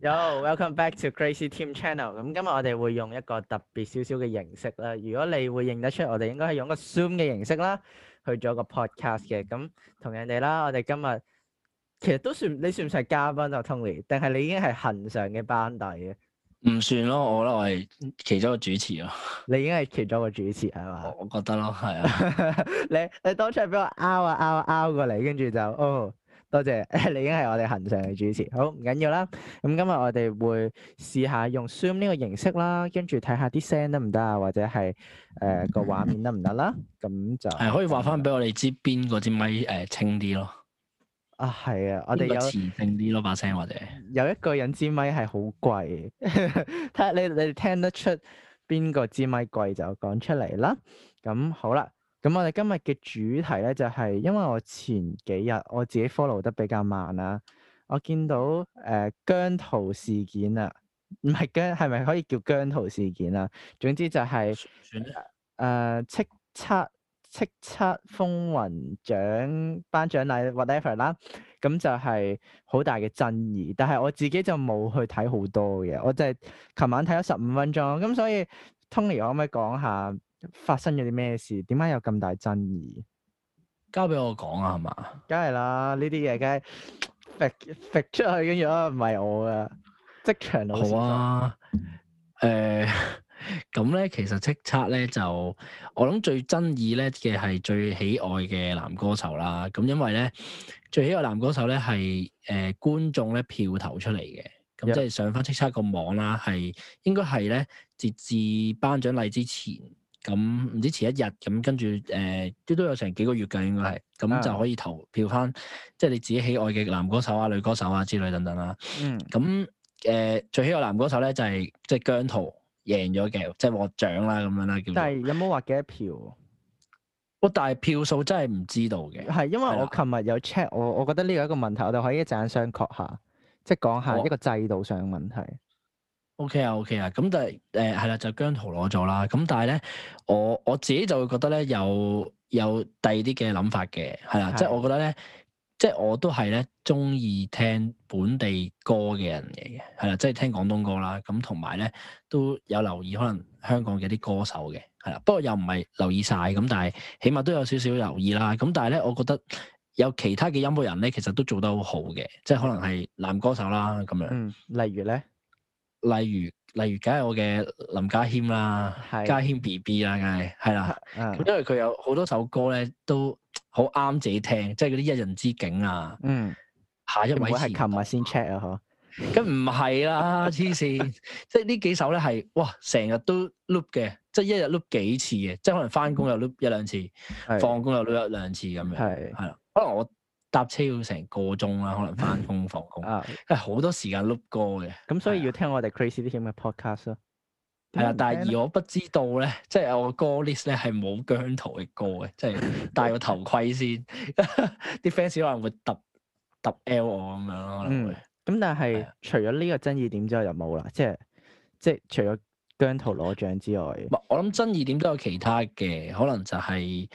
有，welcome back to Crazy Team Channel。咁今日我哋會用一個特別少少嘅形式啦。如果你會認得出，我哋應該係用個 Zoom 嘅形式啦，去做個 Podcast 嘅。咁同人哋啦，我哋今日其實都算，你算唔算係嘉賓啊，Tony？定係你已經係恆常嘅班底啊？唔算咯，我覺得我係其中一個主持咯。 你已經係其中一個主持係嘛？是是我覺得咯，係啊。 你你當初係俾我拗啊拗啊拗過嚟，跟住就哦。多謝，你已經係我哋恒常嘅主持。好，唔緊要啦。咁、嗯、今日我哋會試下用 Zoom 呢個形式啦，跟住睇下啲聲得唔得啊，或者係誒個畫面得唔得啦。咁就係可以話翻俾我哋知邊個支咪誒清啲咯。嗯嗯、啊，係啊，我哋有有清啲咯，把聲或者有一個人支咪係好貴，睇 你你哋聽得出邊個支咪貴就講出嚟啦。咁好啦。咁我哋今日嘅主題咧就係、是，因為我前幾日我自己 follow 得比較慢啦，我見到誒、呃、姜濤事件啊，唔係姜，係咪可以叫姜濤事件啊？總之就係誒叱咤叱咤風雲獎頒獎禮 whatever 啦，咁就係好大嘅爭議。但係我自己就冇去睇好多嘅，我就係琴晚睇咗十五分鐘。咁所以 Tony 可唔可以講下？發生咗啲咩事？點解有咁大爭議？交俾我講啊，係咪？梗係啦，呢啲嘢梗係搣出去嘅咗，唔係我嘅職場老好啊，誒、啊，咁、呃、咧其實叱咤咧就我諗最爭議咧嘅係最喜愛嘅男歌手啦。咁因為咧最喜愛男歌手咧係誒觀眾咧票投出嚟嘅，咁即係上翻叱咤個網啦，係應該係咧截至頒獎禮之前。咁唔知前一日咁，跟住誒都都有成幾個月㗎，應該係咁就可以投票翻，嗯、即係你自己喜愛嘅男歌手啊、女歌手啊之類等等啦、啊。嗯。咁、呃、誒最喜愛男歌手咧就係即係姜濤贏咗嘅，即係獲獎啦、啊、咁樣啦，叫但有有、哦。但係有冇話幾多票？我但係票數真係唔知道嘅。係因為我琴日有 check，我我覺得呢個一個問題，我哋可以一陣間商榷下，即係講下一個制度上嘅問題。O K 啊，O K 啊，咁、okay, okay. 但係誒係啦，就姜濤攞咗啦。咁但係咧，我我自己就會覺得咧，有有第二啲嘅諗法嘅，係啦，的即係我覺得咧，即係我都係咧，鍾意聽本地歌嘅人嚟嘅，係啦，即、就、係、是、聽廣東歌啦。咁同埋咧，都有留意可能香港嘅一啲歌手嘅，係啦。不過又唔係留意晒。咁但係起碼都有少少留意啦。咁但係咧，我覺得有其他嘅音樂人咧，其實都做得好好嘅，即係可能係男歌手啦咁樣。嗯，例如咧？例如例如梗係我嘅林家謙的啦，家謙 B B 啦，梗係係啦， 因為佢有好多首歌咧，都好啱自己聽，即係嗰啲「一人之境」啊。嗯，下一位先、嗯、琴日先 check 啊，嗬？咁唔係啦，黐線！ 即係呢幾首咧係哇，成日都 loop 嘅，即係一日碌幾次嘅，即係可能翻工又碌一兩次，放工 的又碌一兩次咁樣。係係啦， 可能我。搭車要成個鐘啦，可能翻工放工，係好多時間碌歌嘅。咁所以要聽我哋 Crazy 啲咁嘅 Podcast 咯。係啊，的但係而我不知道咧，即係我個歌 list 咧係冇姜濤嘅歌嘅，即係戴個頭盔先，啲 fans 可能會揼揼 L 我咁樣咯。嗯，咁但係除咗呢個爭議點之外就冇啦，即係即係除咗姜濤攞獎之外，我諗爭議點都有其他嘅，可能就係。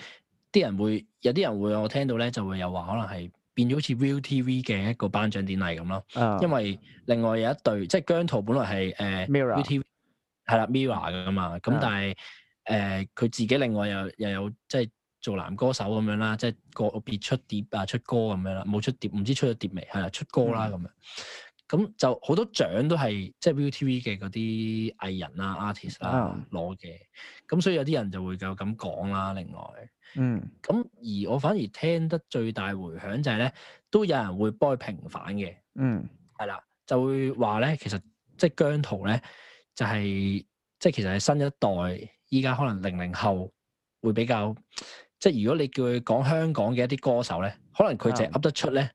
啲人會有啲人會我聽到咧就會有話可能係變咗好似 ViuTV 嘅一個頒獎典禮咁咯，uh. 因為另外有一對即係姜濤本來係誒 ViuTV 係啦 Mirror 噶嘛，咁但係誒佢自己另外又又有即係做男歌手咁樣啦，即係個別出碟啊出歌咁樣啦，冇出碟唔知出咗碟未係啦出歌啦咁、嗯、樣。咁就好多獎都係即係 ViuTV 嘅嗰啲藝人啦、啊、artist 啦攞嘅，咁、oh. 所以有啲人就會就咁講啦。另外，嗯，咁而我反而聽得最大回響就係咧，都有人會幫佢平反嘅。嗯，係啦，就會話咧，其實即係姜濤咧，就係、是、即係其實係新一代，依家，可能零零後會比較，即係如果你叫佢講香港嘅一啲歌手咧，可能佢淨係噏得出咧。Mm.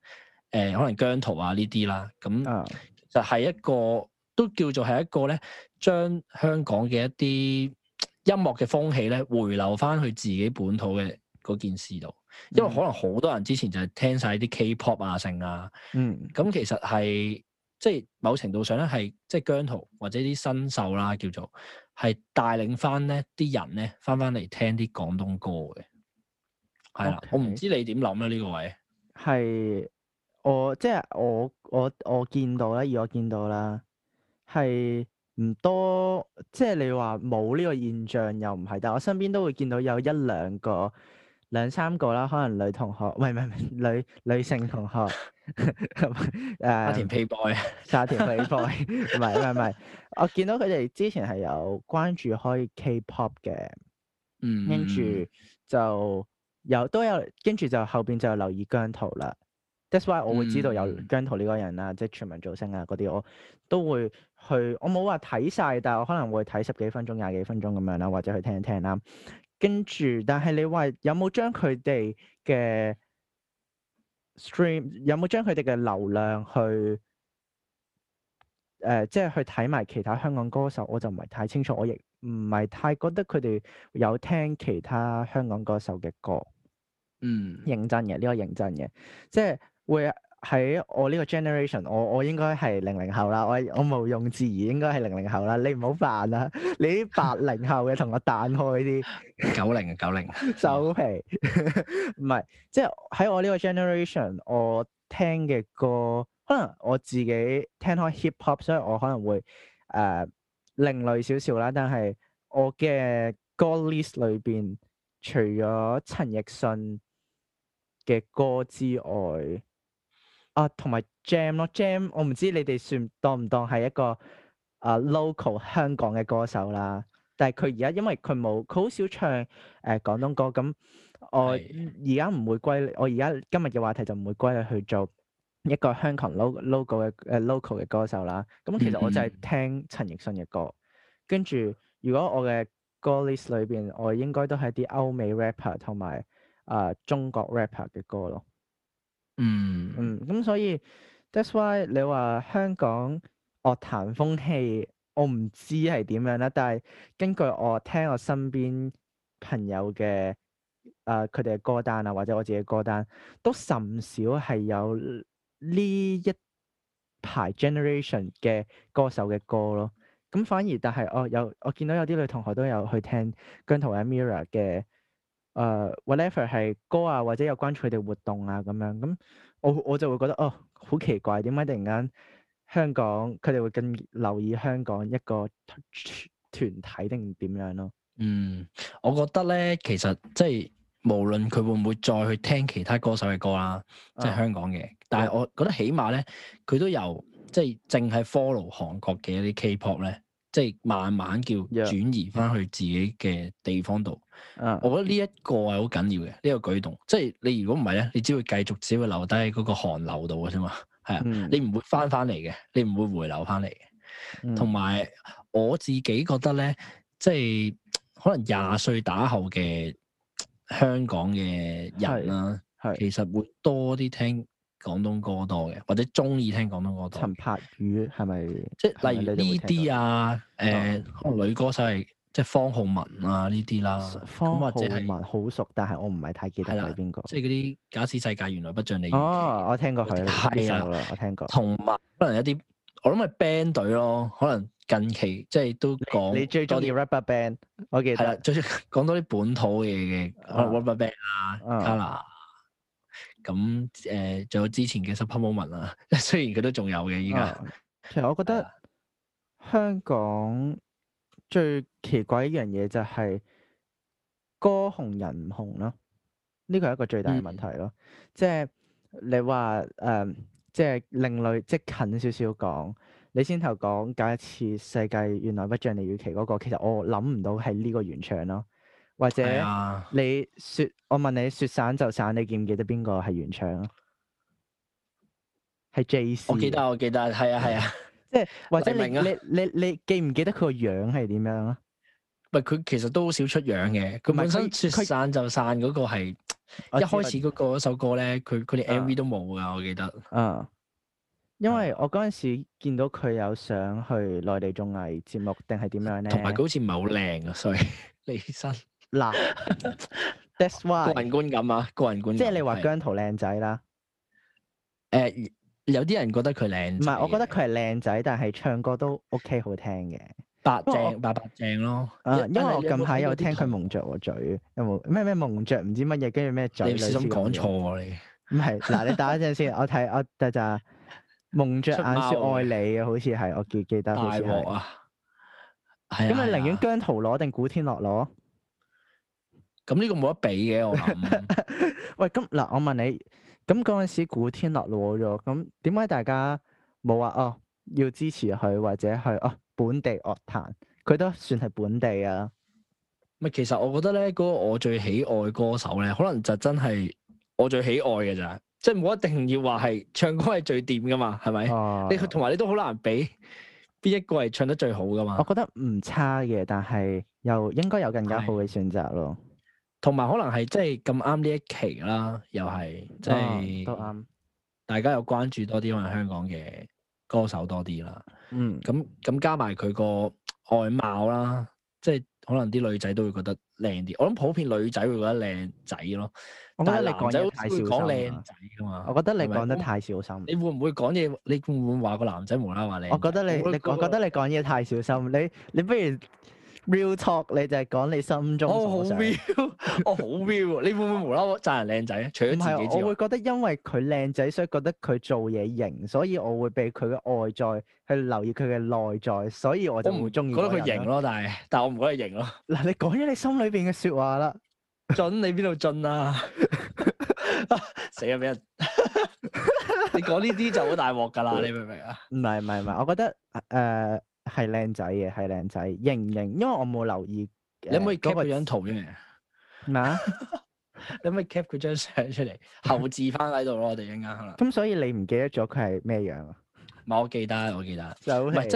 誒、呃，可能姜濤啊呢啲啦，咁就係一個都叫做係一個咧，將香港嘅一啲音樂嘅風氣咧回流翻去自己本土嘅嗰件事度，嗯、因為可能好多人之前就係聽晒啲 K-pop 啊剩啊，嗯，咁其實係即係某程度上咧係即係姜濤或者啲新秀啦，叫做係帶領翻咧啲人咧翻翻嚟聽啲廣東歌嘅。係、嗯、啦，okay. 我唔知你點諗啦呢個位係。我即係我我我見到啦，而我見到啦，係唔多，即係你話冇呢個現象又唔係，但係我身邊都會見到有一兩個兩三個啦，可能女同學，唔係唔係，女女性同學、 um，誒，沙田 P boy，沙田 P boy，唔係唔係唔係，我見到佢哋之前係有關注開 K pop 嘅，嗯，跟住就有都有，跟住就後邊就留意姜濤啦。That's why 嗯，我會知道有姜濤呢個人啦、啊，即係全民造星啊嗰啲，我都會去。我冇話睇晒，但係我可能會睇十幾分鐘、廿幾分鐘咁樣啦、啊，或者去聽一聽啦、啊。跟住，但係你話有冇將佢哋嘅 stream 有冇將佢哋嘅流量去誒、呃，即係去睇埋其他香港歌手，我就唔係太清楚。我亦唔係太覺得佢哋有聽其他香港歌手嘅歌。嗯，認真嘅呢個認真嘅，即係。會喺我呢個 generation，我我應該係零零後啦，我我毋庸置疑，應該係零零後啦。你唔好扮啦，你啲八零後嘅同我彈開啲。九零啊，九零。手皮，唔係、嗯， 即係喺我呢個 generation，我聽嘅歌，可能我自己聽開 hip hop，所以我可能會誒、呃、另類少少啦。但係我嘅歌 list 裏邊，除咗陳奕迅嘅歌之外，啊，同埋 Jam 咯、啊、Jam 我唔知你哋算當唔當係一個啊 local 香港嘅歌手啦。但係佢而家因為佢冇，佢好少唱誒、呃、廣東歌。咁我而家唔會歸，我而家的今日嘅話題就唔會歸你去做一個香港 loc local 嘅、uh, 誒 local 嘅歌手啦。咁、啊、其實我就係聽陳奕迅嘅歌，跟住 如果我嘅歌 list 裏邊我應該都係啲歐美 rapper 同埋啊、呃、中國 rapper 嘅歌咯。嗯嗯，咁、嗯、所以 that's why 你話香港樂壇風氣，我唔知係點樣啦，但係根據我聽我身邊朋友嘅誒，佢哋嘅歌單啊，或者我自己嘅歌單，都甚少係有呢一排 generation 嘅歌手嘅歌咯。咁反而，但係我、哦、有我見到有啲女同學都有去聽姜濤阿 MIRROR 嘅。誒，uh，whatever 係歌啊，或者有關佢哋活動啊咁樣，咁我我就會覺得，哦，好奇怪，點解突然間香港佢哋會更留意香港一個團團體定點樣咯？嗯，我覺得咧，其實即係無論佢會唔會再去聽其他歌手嘅歌啦，uh, 即係香港嘅，但係我覺得起碼咧，佢都有即係淨係 follow 韓國嘅一啲 K-pop 咧。Pop 呢即係慢慢叫轉移翻去自己嘅地方度，Yeah . uh. 我覺得呢一個係好緊要嘅呢、呢個舉動。即係你如果唔係咧，你只會繼續只會留低嗰個寒流度嘅啫嘛。係 啊，嗯、你唔會翻翻嚟嘅，你唔會回流翻嚟嘅。同埋、嗯、我自己覺得咧，即係可能廿歲打後嘅香港嘅人啦、啊，其實會多啲聽。廣東歌多嘅，或者中意聽廣東歌多。陳柏宇係咪？即係例如呢啲啊，誒，女歌手係即係方浩文啊呢啲啦。方浩文好熟，但係我唔係太記得係邊個。即係嗰啲假使世界原來不像你。哦，我聽過佢太係啦，我聽過。同埋可能有啲，我諗係 band 隊咯，可能近期即係都講你追咗啲 rapper band。我記得係啦，最講多啲本土嘢嘅 rapper band 啊，Kala。咁誒，仲有之前嘅 Super Moment 啊，雖然佢都仲有嘅依家。其實我覺得香港最奇怪一樣嘢就係歌紅人唔紅咯，呢個係一個最大嘅問題咯、嗯嗯。即係你話誒，即係另類，即近少少講。你先頭講搞一次世界，原來不像你預期嗰個，其實我諗唔到係呢個原唱咯。或者、啊、你說，我問你，說散就散，你記唔記得邊個係原唱啊？係 J C，我記得，我記得，係啊，係啊，即係 或者你明、啊、你你，你，你記唔記得佢個樣係點樣啊？唔係佢其實都好少出樣嘅，佢本身說散就散嗰個係一開始嗰個首歌咧，佢佢連 M V 都冇噶，嗯、我記得。嗯，因為我嗰陣時見到佢有想去內地綜藝節目定係點樣咧，同埋佢好似唔係好靚啊，所以李信。 嗱，That's why 個人觀感啊，個人觀即係你話姜濤靚仔啦。誒，有啲人覺得佢靚，唔係，我覺得佢係靚仔，但係唱歌都 OK 好聽嘅，白淨白白淨咯。因為我近排有聽佢蒙着我嘴，有冇咩咩蒙着？唔知乜嘢，跟住咩嘴？你小心講錯喎，你。唔係，嗱，你打一陣先，我睇我第咋蒙着眼說愛你啊，好似係我記記得好啊！係。咁你寧願姜濤攞定古天樂攞？咁呢個冇得比嘅，我諗。喂，咁嗱，我問你，咁嗰陣時古天樂攞咗，咁點解大家冇話？哦，要支持佢或者去哦本地樂壇，佢都算係本地啊。咪其實我覺得咧，嗰個我最喜愛歌手咧，可能就真係我最喜愛嘅咋，即係冇一定要話係唱歌係最掂㗎嘛，係咪？哦、你同埋你都好難比，邊一個係唱得最好㗎嘛？我覺得唔差嘅，但係又應該有更加好嘅選擇咯。同埋可能係即係咁啱呢一期啦，又係即係都啱，大家又關注多啲，可能香港嘅歌手多啲啦。嗯，咁咁加埋佢個外貌啦，即係可能啲女仔都會覺得靚啲。我諗普遍女仔會覺得靚仔咯。我覺得你講嘢太小心嘛？我覺得你講得太小心。你會唔會講嘢？你會唔會話個男仔無啦啦？話你，我覺得你，我覺得你、那個、我覺得你講嘢太小心。你你，不如～Real talk，你就係講你心中所想。我好 real，我好 real 喎。你會唔會無啦啦讚人靚仔咧？除咗自己，我會覺得因為佢靚仔，所以覺得佢做嘢型，所以我會被佢嘅外在去留意佢嘅內在，所以我就唔中意覺得佢型咯。但係，但係我唔覺得佢型咯。嗱，你講咗你心裏邊嘅説話啦。準你邊度進啊？死啦！俾人你講呢啲就好大鑊㗎啦，你明唔明啊？唔係唔係唔係，我覺得誒。係靚仔嘅，係靚仔，認唔認？因為我冇留意。你可唔可以 keep 個樣 圖片嚟？咩你可唔可以 keep 佢張相出嚟，後置翻喺度咯？我哋陣間可能。咁 所以你唔記得咗佢係咩樣啊？唔係我記得，我記得。就唔係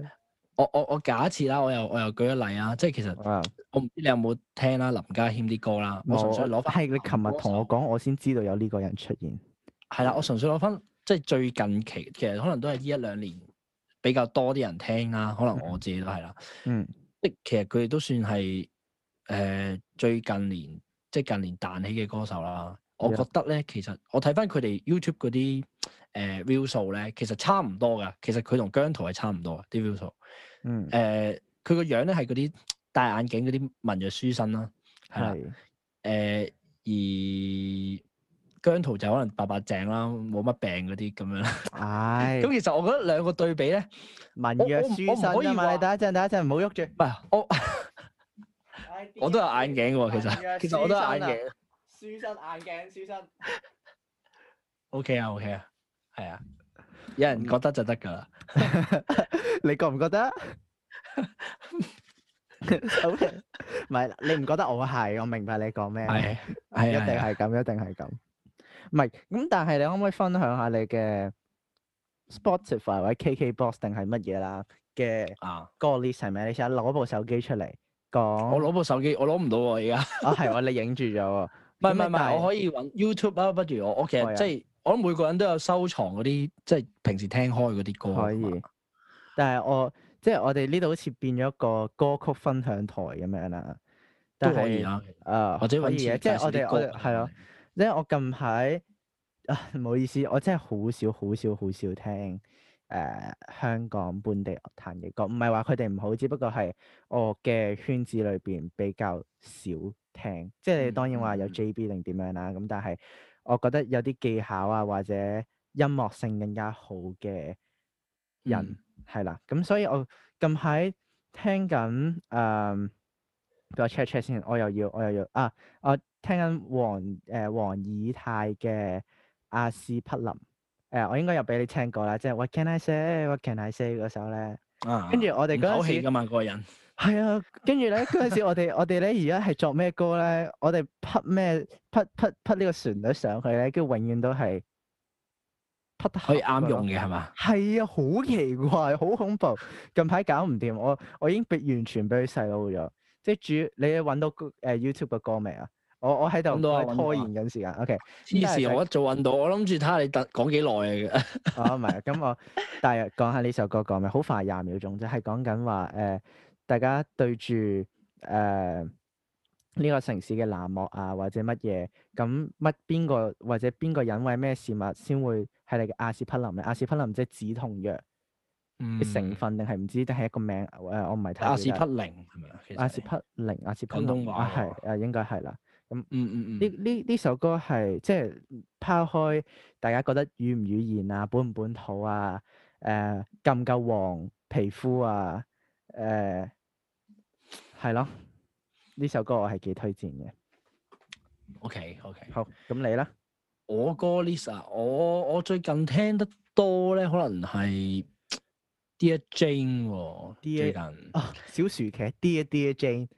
即 我我我假設啦，我又我又舉一例啊！即係其實 我唔知你有冇聽啦，林家謙啲歌啦， 我純粹攞翻。係你琴日同我講，我先知道有呢個人出現。係啦， 我純粹攞翻即係最近期其實，可能都係呢一兩年。比較多啲人聽啦，可能我自己都係啦。嗯，即其實佢哋都算係誒、呃、最近年即係近年彈起嘅歌手啦。我覺得咧，其實我睇翻佢哋 YouTube 嗰啲誒、呃、view 數咧，其實差唔多㗎。其實佢同姜濤係差唔多啲 view 數。嗯，誒佢個樣咧係嗰啲戴眼鏡嗰啲文弱書生啦，係啦，誒的、呃、而。張圖就可能白白淨啦，冇乜病嗰啲咁樣。係。咁其實我覺得兩個對比咧，文弱書生。我唔可以問你，等一陣，等一陣，唔好喐住。喂，我我都有眼鏡嘅喎，其實其實我都有眼鏡。書生眼鏡，書生。O K 啊，O K 啊，係啊，有人覺得就得㗎啦。你覺唔覺得？O K。唔係，你唔覺得我係？我明白你講咩。係。係。一定係咁，一定係咁。唔係，咁但係你可唔可以分享下你嘅 Spotify 或者 KKBox 定係乜嘢啦嘅啊歌 list 係咩？你試下攞部手機出嚟講，我攞部手機，我攞唔到喎，而家啊係喎，你影住咗喎，唔係唔係，我可以搵 YouTube 啊，不如我我其實即係我每個人都有收藏嗰啲，即係平時聽開嗰啲歌，可以，但係我即係我哋呢度好似變咗一個歌曲分享台咁樣啦，都可以啊，或者可以即係我哋我哋係咯。即係我近排啊，唔好意思，我真係好少、好少、好少聽誒、呃、香港本地樂壇嘅歌。唔係話佢哋唔好，只不過係我嘅圈子裏邊比較少聽。即係你當然話有 JB 定點樣啦。咁、嗯、但係我覺得有啲技巧啊，或者音樂性更加好嘅人係啦。咁、嗯、所以我近排聽緊誒，俾、呃、我 check check 先。我又要，我又要啊，我。聽緊黃誒黃以太嘅阿斯匹林誒、呃，我應該有俾你聽過啦，即係 What can I say？What can I say？嗰首咧，啊、跟住我哋嗰陣時唔透氣噶嘛，個人係啊，跟住咧嗰陣時我哋 我哋咧而家係作咩歌咧？我哋 put 咩 put 呢個旋律上去咧，跟住永遠都係 put 可以啱用嘅係嘛？係啊，好、啊、奇怪，好恐怖！近排搞唔掂，我我已經完全俾佢洗腦咗，即係主你揾到誒 YouTube 嘅歌未啊？我我喺度，拖延緊時間。O K，於是，我做揾到，我諗住睇下你等講幾耐啊，唔係，咁我大約講下呢首歌，講咩？好快，廿秒鐘就係講緊話誒，大家對住誒呢個城市嘅冷漠啊，或者乜嘢咁乜邊個或者邊個引為咩事物先會係你嘅阿司匹林咧？阿司匹林即係止痛藥成分，定係唔知定係一個名誒？我唔係睇阿司匹靈，係咪阿司匹靈，阿司匹靈啊，係誒，應該係啦。嗯嗯嗯，呢呢呢首歌係即係拋開大家覺得語唔語言啊，本唔本土啊，誒、呃，夠唔夠黃皮膚啊，誒、呃，係咯，呢首歌我係幾推薦嘅。OK OK，好，咁你咧？我歌 Lisa，我我最近聽得多咧，可能係 Dear Jane 喎，Dear 啊，小薯茄 Dear Dear Jane。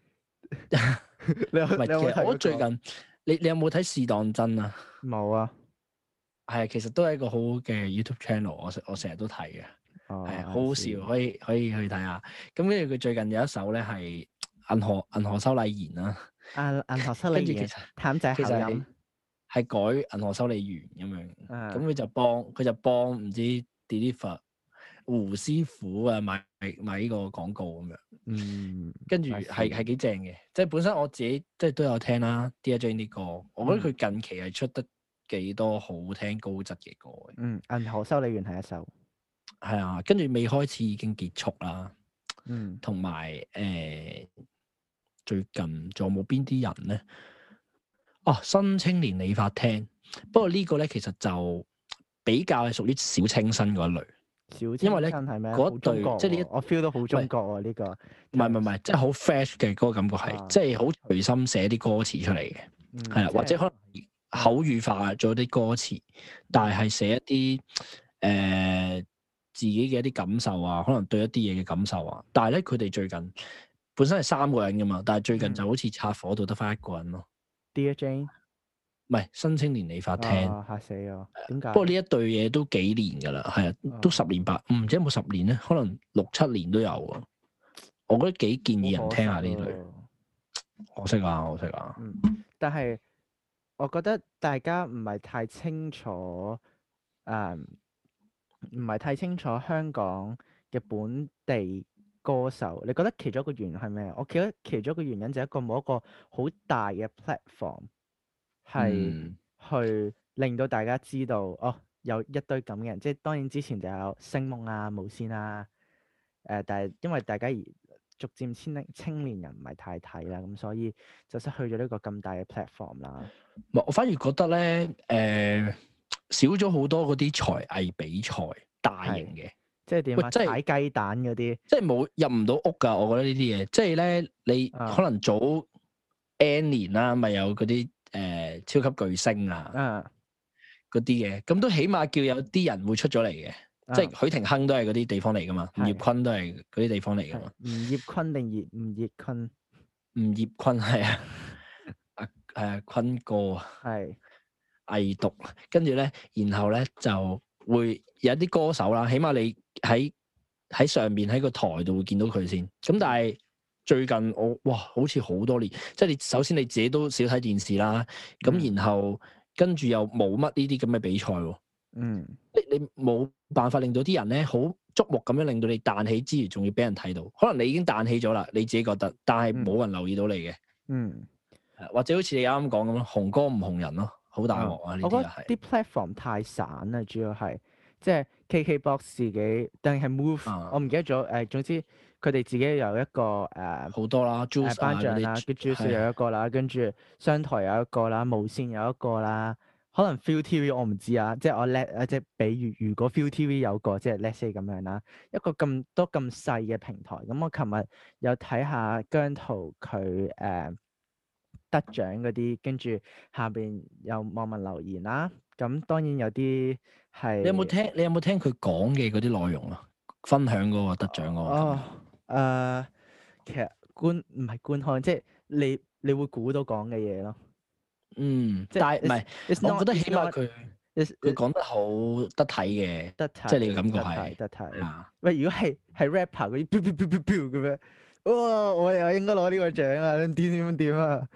你唔係，其實我最近你你有冇睇試當真啊？冇啊，係啊，其實都係一個好好嘅 YouTube channel，我我成日都睇嘅。係啊、哦，好好笑，哦、可以可以去睇下。咁跟住佢最近有一首咧係銀河銀河修理員啦，銀銀河修理員，譚仔咸音係改銀河修理員咁樣，咁佢、嗯、就幫佢就幫唔知 deliver。Del iver, 胡師傅啊，買買呢個廣告咁樣，嗯，跟住係係幾正嘅，即係本身我自己即係都有聽啦 Dear Jane 啲歌，我覺得佢近期係出得幾多好聽高質嘅歌嘅。嗯，銀河修理員係一首，係啊，跟住未開始已經結束啦。嗯，同埋誒最近仲有冇邊啲人咧？哦、啊，新青年理髮廳，不過個呢個咧其實就比較係屬於小清新嗰一類。因為咧嗰對，中國即係呢一，我 feel 都好中國喎呢個。唔係唔係唔係，即係好 fresh 嘅個感覺係，即係好隨心寫啲歌詞出嚟嘅，係啦，或者可能口語化咗啲歌詞，但係寫一啲誒、呃、自己嘅一啲感受啊，可能對一啲嘢嘅感受啊。但係咧，佢哋最近本身係三個人噶嘛，但係最近就好似拆火到得翻一個人咯。嗯、Dear Jane。唔係新青年理髮廳，吓死我，點解、哦？不過呢一對嘢，都幾年噶啦。係啊，哦、都十年八唔知有冇十年咧？可能六七年都有啊。我覺得幾建議人聽下呢對，我識啊，我識啊。但係我覺得大家唔係太清楚，誒、嗯，唔係太清楚香港嘅本地歌手。你覺得其中一個原因係咩？我覺得其中一個原因就係一個冇一個好大嘅 platform。係去令到大家知道、嗯、哦，有一堆咁嘅人，即係當然之前就有星夢啊、無綫啊，誒、呃，但係因為大家而逐漸千零青年人唔係太睇啦，咁所以就失去咗呢個咁大嘅 platform 啦。我反而覺得咧，誒、呃，少咗好多嗰啲才藝比賽大型嘅，即係點啊，踩雞蛋嗰啲，即係冇入唔到屋噶。我覺得呢啲嘢，即係咧，你可能早、嗯、N 年啦，咪有嗰啲。超級巨星啊，嗰啲嘢，咁都起碼叫有啲人會出咗嚟嘅，啊、即係許廷鏗都係嗰啲地方嚟噶嘛，啊、吳業坤都係嗰啲地方嚟噶嘛。吳業坤定葉吳業坤？吳業坤係啊，阿誒、 啊啊啊、坤哥啊，係偽的毒，跟住咧，然後咧就會有一啲歌手啦，起碼你喺喺上邊喺個台度會見到佢先，咁但係。最近我哇，好似好多年，即係你首先你自己都少睇電視啦，咁、嗯、然後跟住又冇乜呢啲咁嘅比賽喎。嗯，即係你冇辦法令到啲人咧好觸目咁樣令到你彈起之餘，仲要俾人睇到。可能你已經彈起咗啦，你自己覺得，但係冇人留意到你嘅。嗯，或者好似你啱啱講咁咯，紅歌唔紅人咯，好大鑊啊！呢啲係啲 platform 太散啦，主要係即係。KKBox 自己定係 Move，我唔記得咗。誒、呃，總之佢哋自己有一個誒好、呃、多啦，誒頒啦，跟住又有一個啦，跟住商台有一個啦，無線有一個啦，可能 ViuTV 我唔知啊，即係我叻，即係比如如果 ViuTV 有個即係 Let's say 咁樣啦，一個咁多咁細嘅平台。咁我琴日有睇下姜濤佢誒得獎嗰啲，跟住下邊有網民留言啦。咁當然有啲係你有冇聽？你有冇聽佢講嘅嗰啲內容啊？分享嗰個得獎嗰個哦，誒、呃，其實觀唔係觀看，即係你你會估到講嘅嘢咯。嗯，但即係唔係？我覺得起碼佢佢講得好得體嘅，即係踏你嘅感覺係得體。喂，嗯、如果係係 rapper 嗰啲彪彪彪彪咁樣，哇！我又應該攞呢、這個、個獎啊？點點點啊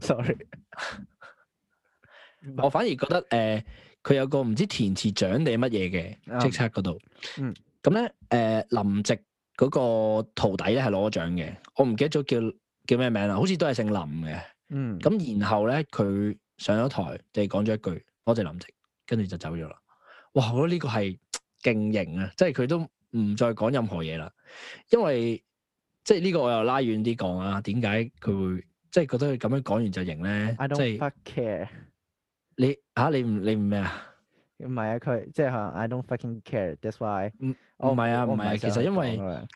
？Sorry。我反而覺得誒，佢、呃、有個唔知填詞獎定乜嘢嘅即測嗰度，咁咧誒林夕嗰個徒弟咧係攞咗獎嘅，我唔記得咗叫叫咩名啦，好似都係姓林嘅。咁、mm hmm. 然後咧佢上咗台就講咗一句：我謝林夕，跟住就走咗啦。哇！我覺得呢個係勁型啊，即係佢都唔再講任何嘢啦，因為即係呢個我又拉遠啲講啊，點解佢會即係覺得佢咁樣講完就型咧？即係。你嚇你唔你唔咩啊？唔係啊，佢即係嚇，I don't fucking care That I,、哦。That's why、哦。唔，唔係啊，唔係啊。其實因為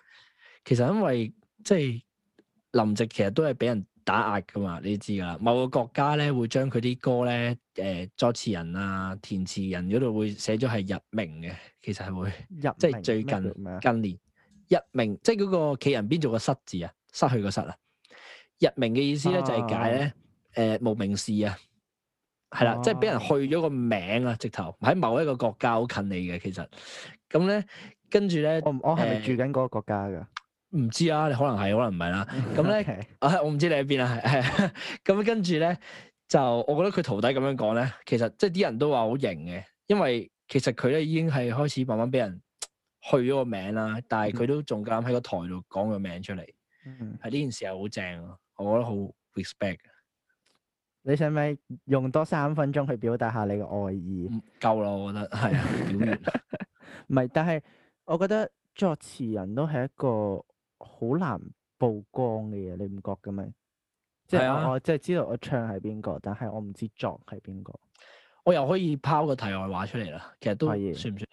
其實因為即係林夕其實都係俾人打壓㗎嘛，你知㗎啦。某個國家咧會將佢啲歌咧誒作詞人啊、填詞人嗰、啊、度會寫咗係佚名嘅，其實係會入佚名即係最近近年入佚名，即係嗰個企人邊做個失字啊？失去個失啊？佚名嘅意思咧就係解咧誒無名氏啊。嗯嗯係啦，即係俾人去咗個名啊！直頭喺某一個國家好近你嘅。其實咁咧，跟住咧，我我係咪住緊嗰個國家噶？唔、呃、知啊，你可能係，可能唔係啦。咁咧，我唔知你喺邊啊。係咁跟住咧，就我覺得佢徒弟咁樣講咧，其實即係啲人都話好型嘅，因為其實佢咧已經係開始慢慢俾人去咗個名啦，但係佢都仲敢喺個台度講個名出嚟，係呢、嗯嗯、件事係好正，啊，我覺得好 respect。你使咪用多三分鐘去表達下你嘅愛意？夠咯，我覺得係啊，唔係， 但係我覺得作詞人都係一個好難曝光嘅嘢，你唔覺嘅咩？即係、啊，我即係知道我唱係邊個，但係我唔知作係邊個。我又可以拋個題外話出嚟啦。其實都算唔算？的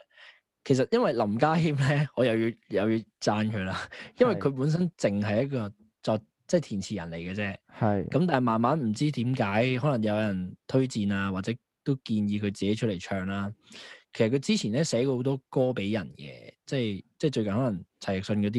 其實因為林家謙咧，我又要又要讚佢啦，因為佢本身淨係一個作。即係填詞人嚟嘅啫，係咁的，但係慢慢唔知點解，可能有人推薦啊，或者都建議佢自己出嚟唱啦、啊。其實佢之前咧寫過好多歌俾人嘅，即係即係最近可能陳奕迅嗰啲誒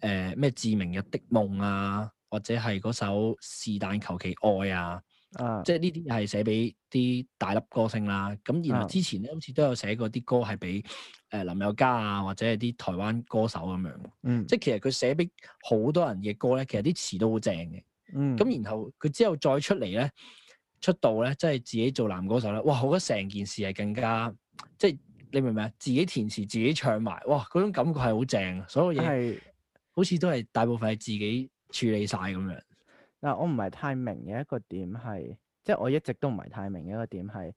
咩《呃、致明日的，的夢》啊，或者係嗰首《是但求其愛》啊。啊，即係呢啲係寫俾啲大粒歌星啦，咁然後之前咧、啊、好似都有寫過啲歌係俾誒林宥嘉啊，或者係啲台灣歌手咁樣，嗯，即係其實佢寫俾好多人嘅歌咧，其實啲詞都好正嘅，嗯，咁然後佢之後再出嚟咧出道咧，即係自己做男歌手咧，哇，好多成件事係更加，即係你明唔明啊？自己填詞自己唱埋，哇，嗰種感覺係好正，所有嘢係，好似都係大部分係自己處理晒咁樣。但我唔係太明嘅一個點係，即係我一直都唔係太明嘅一個點係，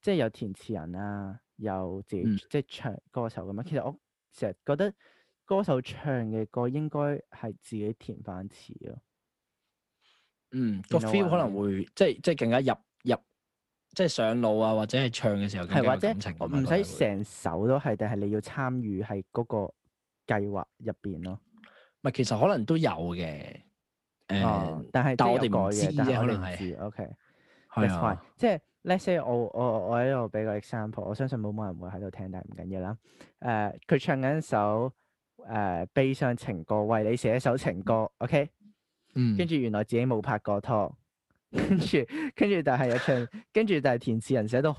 即係有填詞人啊，有自己、嗯、即係唱歌手咁樣。其實我成日覺得歌手唱嘅歌應該係自己填翻詞咯。嗯，個 feel 可能會、嗯、即係即係更加入入，即係上腦啊，或者係唱嘅時候更加有感情。唔使成首都係，但係你要參與喺嗰個計劃入邊咯。唔其實可能都有嘅。誒，嗯、但係即係改嘅，但係可能係，OK，係即係 Let's say 我我我喺度俾個 example，我相信冇冇人會喺度聽，但係唔緊要啦。誒、uh,，佢唱緊一首誒悲傷情歌，為你寫一首情歌，OK，跟住、嗯、原來自己冇拍過拖，跟住跟住但係有唱，跟住但係填詞人寫到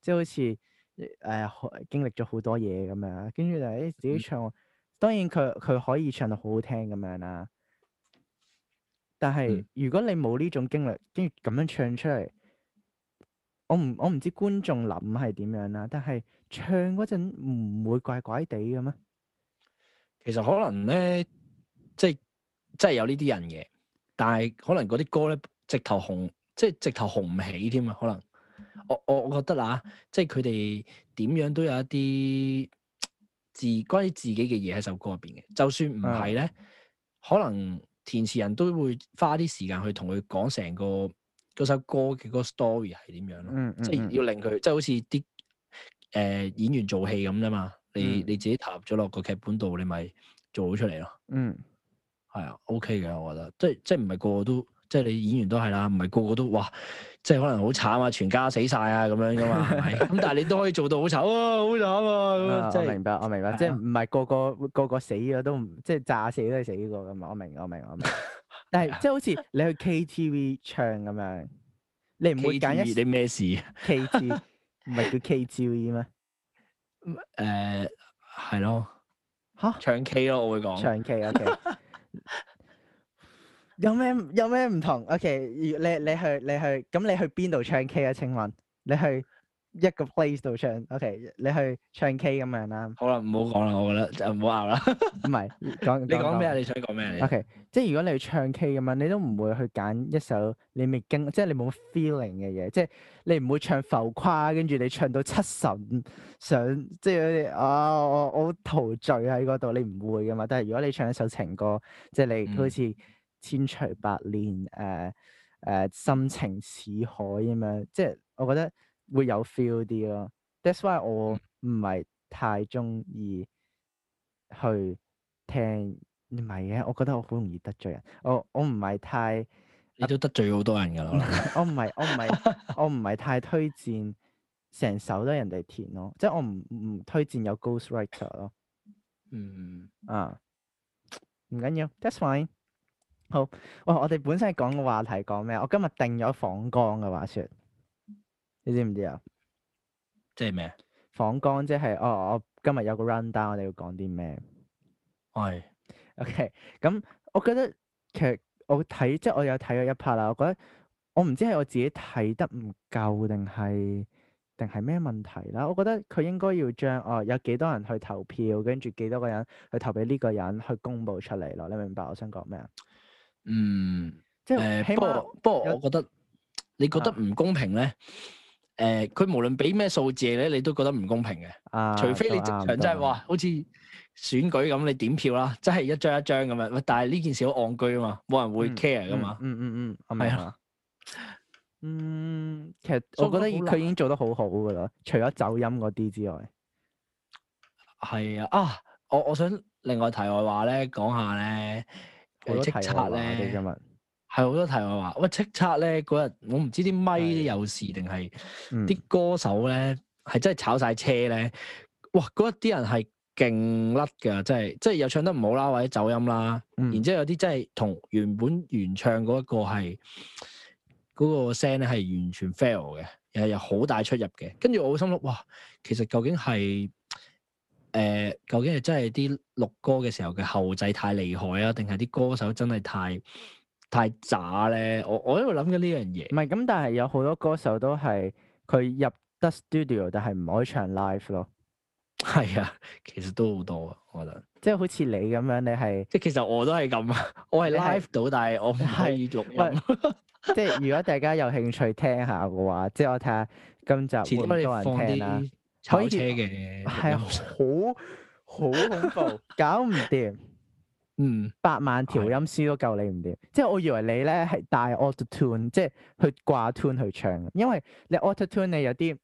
即係、就是、好似誒、哎、經歷咗好多嘢咁樣，跟住就誒自己唱，當然佢佢可以唱到好好聽咁樣啦。但係如果你冇呢種經歷，跟住咁樣唱出嚟，我唔我唔知觀眾諗係點樣啦。但係唱嗰陣唔會怪怪地嘅咩？其實可能咧，即係真係有呢啲人嘅，但係可能嗰啲歌咧直頭紅，即係直頭紅唔起添啊。可能我我我覺得啦，即係佢哋點樣都有一啲自關於自己嘅嘢喺首歌入邊嘅。就算唔係咧，啊、可能。填詞人都會花啲時間去同佢講成個嗰首歌嘅嗰 story 係點樣咯、嗯嗯嗯，即係要令佢即係好似啲誒演員做戲咁啫嘛。嗯、你你自己投入咗落個劇本度，你咪做好出嚟咯。嗯，係啊，OK 嘅，我覺得即係即係唔係個個都。即係你演員都係啦，唔係個個都哇，即係可能好慘啊，全家死晒啊咁樣噶嘛，係咪？咁但係你都可以做到好醜啊，好慘啊咁啊！哦、即係是明白，我明白，啊、即係唔係個個個個死咗都唔，即係炸死都係死過噶嘛？我明，我明，我明。 但係即係好似你去 KTV 唱咁樣，你唔會揀一啲咩事 ？K 字唔係叫 KTV 咩？誒、呃，係咯，吓、啊、唱 K 咯，我會講、啊、唱 K o、okay. k 有咩有咩唔同？OK，你你去你去，咁你去邊度唱 K 啊？請問，你去一個 place 度唱。OK，你去唱 K 咁樣啦、啊。好啦，唔好講啦，我覺得就唔好拗啦。唔 係，講你講咩啊？ 你想講咩啊？OK，即係如果你去唱 K 咁樣，你都唔會去揀一首你未跟，即係你冇乜 feeling 嘅嘢。即係你唔會唱浮誇，跟住你唱到七神想，即係啊、哦，我我陶醉喺嗰度，你唔會噶嘛。但係如果你唱一首情歌，即係你好似、嗯。千錘百煉，誒、呃、誒、呃，心情似海咁樣，即係我覺得會有 feel 啲咯。That's why 我唔係太中意去聽，唔係嘅，我覺得我好容易得罪人。我我唔係太，你都得罪好多人㗎啦。 我唔係，我唔係，我唔係太推薦成首都人哋填咯，即係我唔唔推薦有 ghost writer 咯。嗯啊，唔緊要，That's why。好，喂，我哋本身係講個話題，講咩？我今日定咗訪綱嘅話說，你知唔知啊？即係咩？訪綱即係，哦，我今日有個 run down，我哋要講啲咩？係、哎、，OK，咁、嗯、我覺得其實我睇，即係我有睇過一 part 啦。我覺得我唔知係我自己睇得唔夠，定係定係咩問題啦？我覺得佢應該要將，哦，有幾多人去投票，跟住幾多個人去投俾呢個人，去公布出嚟咯。你明白我想講咩啊？嗯，即係是誒，不過、呃、不過，有不過我覺得你覺得唔公平咧，誒、啊，佢、呃、無論俾咩數字咧，你都覺得唔公平嘅，啊、除非你直情真係話，好似選舉咁，你點票啦，真係一張一張咁樣。喂，但係呢件事好戇居啊嘛，冇人會 care 噶嘛。嗯嗯嗯，係啊。嗯，其實我覺得佢已經做得好好噶啦，除咗走音嗰啲之外，係啊。啊，我我，我想另外題外話咧，講下咧。好多題目咧，係好多題外話，喂，叱咤咧嗰日，我唔知啲咪都有事定係啲歌手咧係真係炒晒車咧。哇！嗰一啲人係勁甩㗎，即係即係又唱得唔好啦，或者走音啦。嗯、然之後有啲真係同原本原唱嗰一個係嗰、嗰個聲咧係完全 fail 嘅，又又好大出入嘅。跟住我心諗，哇！其實究竟係？誒、呃，究竟係真係啲錄歌嘅時候嘅後製太厲害啊，定係啲歌手真係太太渣咧？我我喺度諗緊呢樣嘢。唔係咁，但係有好多歌手都係佢入得 studio，但係唔可以唱 live 咯。係啊，其實都好多啊，我覺得。即係好似你咁樣，你係即係其實我都係咁啊，我係 live 到是，但係我唔可以錄音 即係如果大家有興趣聽下嘅話，即係我睇下今集前面 多人聽啦。好車嘅，係啊，好好 恐怖，搞唔掂。 嗯，百萬調音師都救你唔掂。的即係我以為你咧係帶 auto tune，即係去掛 tune 去唱，因為你 auto tune 你有啲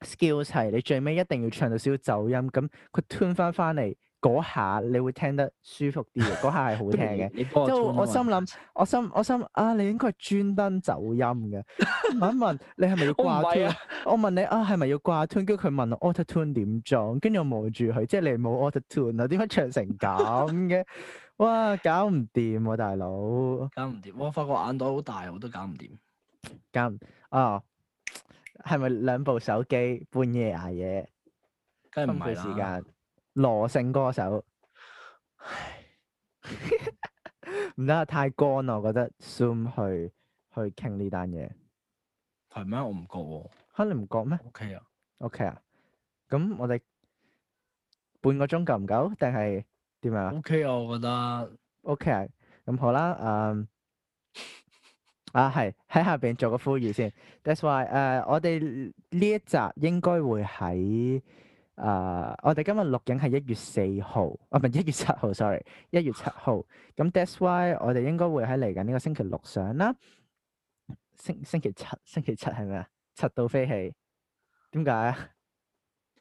skills 係你最尾一定要唱到少少走音，咁佢 tune 翻翻嚟。嗰下你會聽得舒服啲，嗰下係好聽嘅。之 我，我心諗，我心我心啊，你應該係專登走音嘅。 問一問你係咪要掛 t 我、啊、我問你啊，係咪要掛 tune？跟住佢問 auto tune 點裝，跟住我望住佢，即係你冇 auto tune 啊，點解唱成咁嘅？ 哇，搞唔掂喎，大佬！搞唔掂，我發覺眼袋好大，我都搞唔掂。搞唔、哦、啊？係咪兩部手機半夜捱夜？跟唔係啦。羅姓歌手，唔得啊，太乾啦，我覺得 soon 去去傾呢單嘢係咩？我唔覺喎，哈，你唔覺咩？OK 啊，OK 啊，咁我哋半個鐘夠唔夠？定係點樣啊？OK 啊，我覺得 OK 啊，咁好啦，嗯，啊係喺下邊做個呼籲先。That's why 誒，我哋呢一集應該會喺。誒，uh, 我哋今日錄影係一月四號，sorry, 我唔係一月七號，sorry，一月七號。咁 that's why 我哋應該會喺嚟緊呢個星期六上啦，星星期七，星期七係咪啊？七到飛起，點解啊？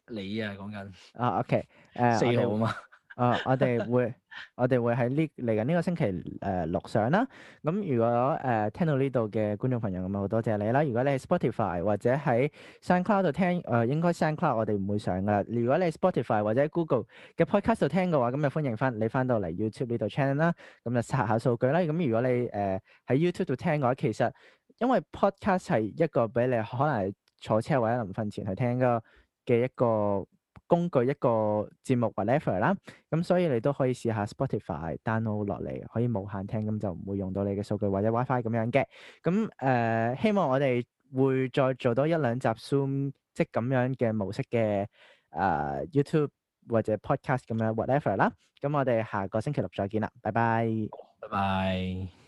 你啊，講緊啊，OK，誒、uh, 4 日 們，四號啊嘛。誒，我哋會，我哋會喺呢嚟緊呢個星期誒錄上啦。咁如果誒聽到呢度嘅觀眾朋友，咁啊好多謝你啦。如果你係 Spotify 或者喺 SoundCloud 度聽，誒應該 SoundCloud 我哋唔會上噶。如果你係 Spotify 或者 Google 嘅 Podcast 度聽嘅話，咁就歡迎翻你翻到嚟 YouTube 呢度 channel 啦。咁就查下數據啦。咁如果你誒喺 YouTube 度聽嘅話，其實因為 Podcast 係一個俾你可能坐車或者臨瞓前去聽嘅嘅一個。工具一個節目 whatever 啦，咁所以你都可以試 Sp 下 Spotify download 落嚟，可以無限聽，咁就唔會用到你嘅數據或者 WiFi 咁樣嘅。咁誒、呃，希望我哋會再做多一兩集 Zoom，即係咁樣嘅模式嘅誒、呃、YouTube 或者 Podcast 咁樣 whatever 啦。咁我哋下個星期六再見啦，拜拜，拜拜。